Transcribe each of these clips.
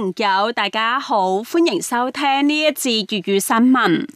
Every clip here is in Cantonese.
朋友，大家好，歡迎收聽呢一次粵語新聞。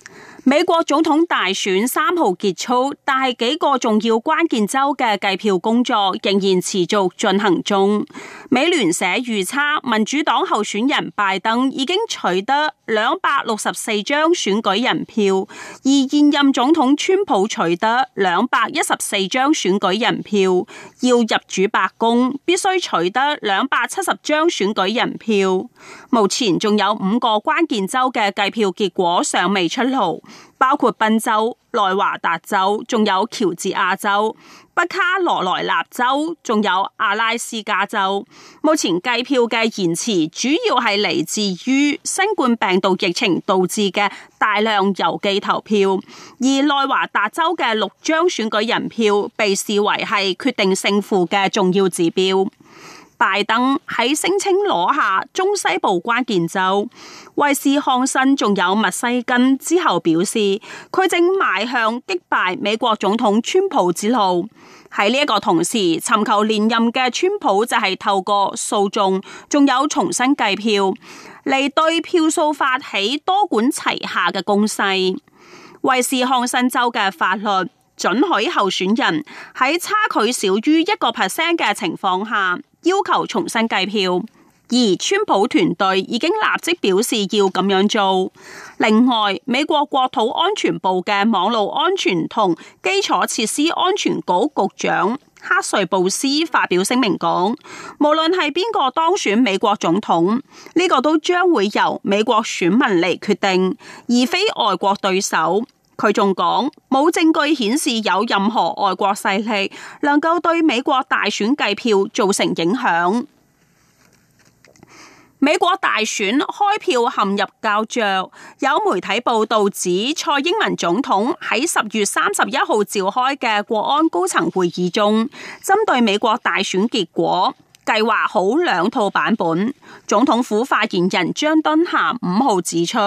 美國總統大選三號結束，但係幾個重要關鍵州嘅計票工作仍然持續進行中。美聯社預測，民主黨候選人拜登已經取得兩百六十四張選舉人票，而現任總統川普取得兩百一十四張選舉人票。要入主白宮，必須取得兩百七十張選舉人票。目前仲有五個關鍵州嘅計票結果尚未出爐，包括賓州、內華達州，仲有喬治亞州。北卡羅來納州仲有阿拉斯加州，目前計票嘅延遲主要係嚟自於新冠病毒疫情導致嘅大量郵寄投票，而內華達州嘅六張選舉人票被視為係決定勝負嘅重要指標。拜登喺聲稱攞下中西部關鍵州，維斯康辛仲有密西根之後表示，佢正邁向擊敗美國總統川普之路。喺呢一個同時，尋求連任嘅川普就係透過訴訟，仲有重新計票嚟對票數發起多管齊下嘅攻勢。維斯康辛州嘅法律准許候選人喺差距少於一個 percent 嘅情況下。要求重新計票，而川普團隊已經立即表示要咁樣做。另外，美國國土安全部嘅網絡安全同基礎設施安全局局長克瑞布斯發表聲明講，無論係邊個當選美國總統，呢個都將會由美國選民嚟決定，而非外國對手。佢仲講，冇證據顯示有任何外國勢力能夠對美國大選計票造成影響。美國大選開票陷入膠着，有媒體報道指，蔡英文總統喺十月三十一號召開嘅國安高層會議中，針對美國大選結果。計劃好兩套版本，總統府發言人張敦霞五號指出，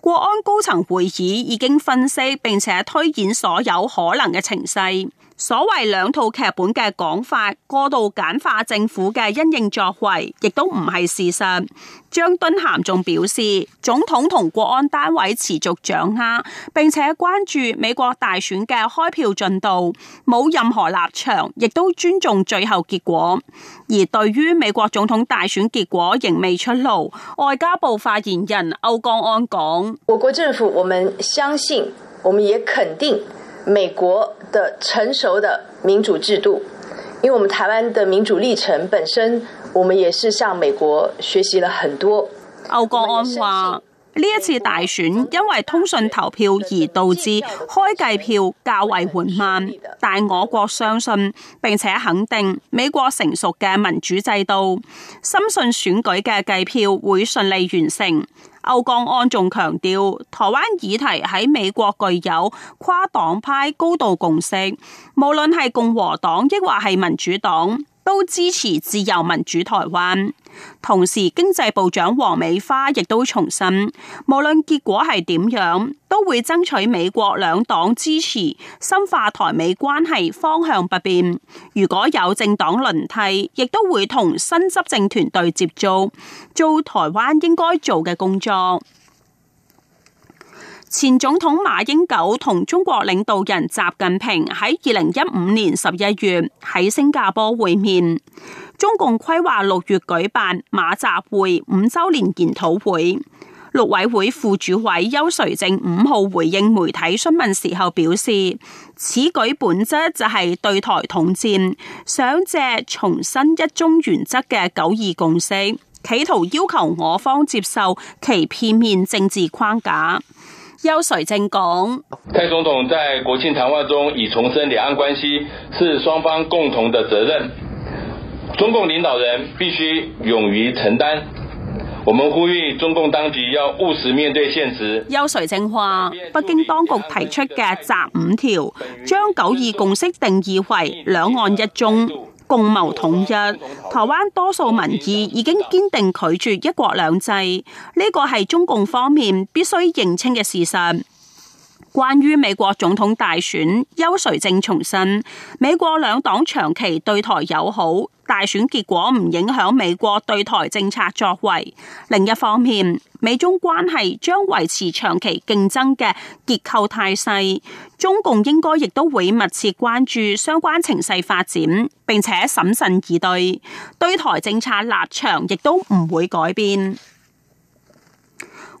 國安高層會議已經分析並且推演所有可能嘅情勢。所謂兩套劇本嘅講法，過度簡化政府嘅因應作為，亦都唔係事實。張惇涵仲表示，總統同國安單位持續掌握，並且關注美國大選嘅開票進度，冇任何立場，亦都尊重最後結果。而對於美國總統大選結果仍未出爐，外交部發言人歐江安講：，我國，國政府，我們相信，我們也肯定。美國的成熟的民主制度，因為我們台灣的民主歷程本身，我們也是向美國學習了很多。歐國安話。呢一次大選因為通訊投票而導致開計票較為緩慢，但我國相信並且肯定美國成熟嘅民主制度，深信選舉嘅計票會順利完成。歐江安仲強調，台灣議題喺美國具有跨黨派高度共識，無論係共和黨抑或係民主黨。都支持自由民主台灣，同時經濟部長王美花亦都重申，無論結果係點樣，都會爭取美國兩黨支持，深化台美關係方向不變，如果有政黨輪替，亦都會同新執政團隊接觸，做台灣應該做嘅工作。前總統馬英九同中國領導人習近平喺二零一五年十一月喺新加坡會面。中共規劃六月舉辦馬習會五周年研討會。陸委會副主委邱垂正五號回應媒體詢問時候表示，此舉本質就係對台統戰，想借重申一中原則嘅九二共識，企圖要求我方接受其片面政治框架。邱瑞正講，蔡總統在國慶談話中已重申，兩岸關係是雙方共同的責任，中共領導人必須勇於承擔。我們呼籲中共當局要務實面對現實。邱瑞正話，北京當局提出嘅“習五條”，將九二共識定義為兩岸一中。共謀統一，台灣多數民意已經堅定拒絕一國兩制，呢個係中共方面必須認清嘅事實。關於美國總統大選，邱垂正重申，美國兩黨長期對台友好。大選結果唔影響美國對台政策作為。另一方面，美中關係將維持長期競爭嘅結構態勢。中共應該亦都會密切關注相關情勢發展，並且審慎而對。對台政策立場亦都唔會改變。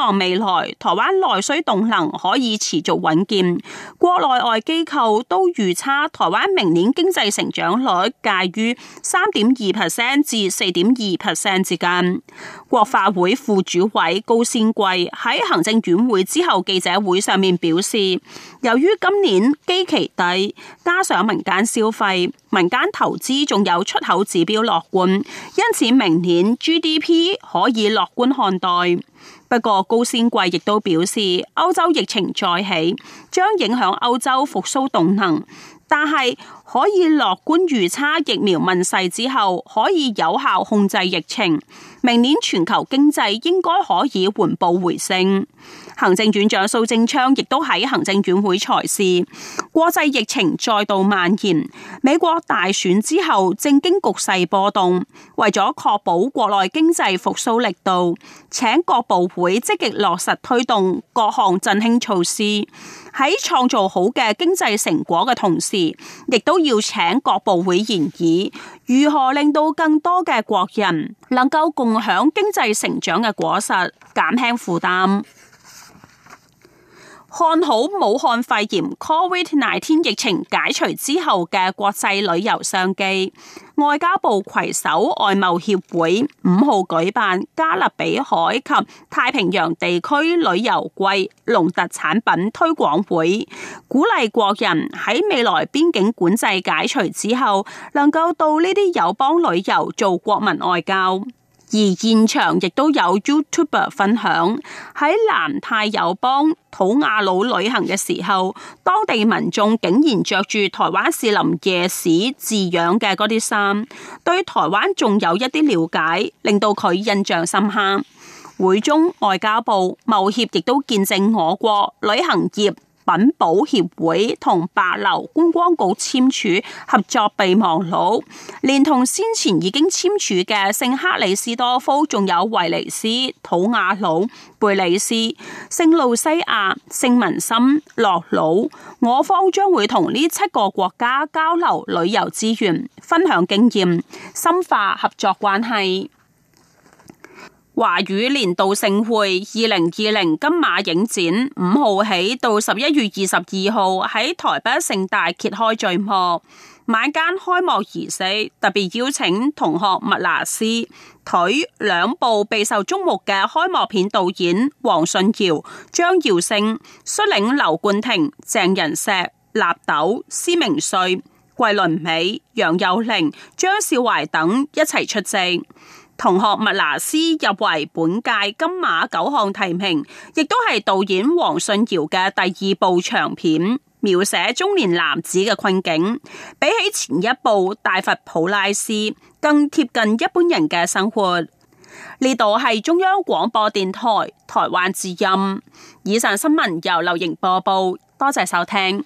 望未來台灣內需動能可以持續穩健，國內外機構都預測台灣明年經濟成長率介於三點二 percent 至四點二 percent 之間。國發會副主委高仙桂喺行政院會之後記者會上面表示，由於今年基期低，加上民間消費、民間投資仲有出口指標樂觀，因此明年 GDP 可以樂觀看待。不過高仙桂亦都表示，歐洲疫情再起，將影響歐洲復甦動能，但係可以樂觀預測，疫苗問世之後可以有效控制疫情，明年全球經濟應該可以緩步回升。行政院長蘇貞昌亦都喺行政院會裁示，國際疫情再度蔓延，美國大選之後政經局勢波動，為咗確保國內經濟復甦力度，請各部會積極落實推動各項振興措施，喺創造好嘅經濟成果嘅同時，亦都要請各部會研議如何令到更多嘅國人能夠共享經濟成長嘅果實，減輕負擔。看好武漢肺炎 （COVID-19） 疫情解除之後嘅國際旅遊商機，外交部攜手外貿協會五號舉辦加勒比海及太平洋地區旅遊季農特產品推廣會，鼓勵國人喺未來邊境管制解除之後，能夠到呢啲友邦旅遊做國民外交。而現場亦都有 YouTuber 分享，喺南太友邦吐瓦魯旅行嘅時候，當地民眾竟然着住台灣士林夜市字樣嘅嗰啲衫，對台灣仲有一啲了解，令到佢印象深刻。會中外交部、貿協亦都見證我國旅行業品保協會同白樓觀光局簽署合作備忘錄，連同先前已經簽署嘅聖克里斯多夫、仲有維尼斯、土瓦魯、貝里斯、聖路西亞、聖文森、洛魯，我方將會同呢七個國家交流旅遊資源，分享經驗，深化合作關係。華語年度盛會二零二零金馬影展，五號起到十一月二十二號喺台北盛大揭開序幕，晚間開幕儀式特別邀請同學麥拿斯、腿兩部備受矚目嘅開幕片導演黃信堯、張耀升、率領劉冠廷、鄭人碩、納豆、施明瑞、桂綸鎂、楊祐寧、張少懷等一齊出席。同學麥娜絲入圍本屆金馬九項提名，亦都係導演黃信堯嘅第二部長片，描寫中年男子嘅困境。比起前一部《大佛普拉斯》，更貼近一般人嘅生活。呢度係中央廣播電台台灣之音，以上新聞由劉瑩播報，多謝收聽。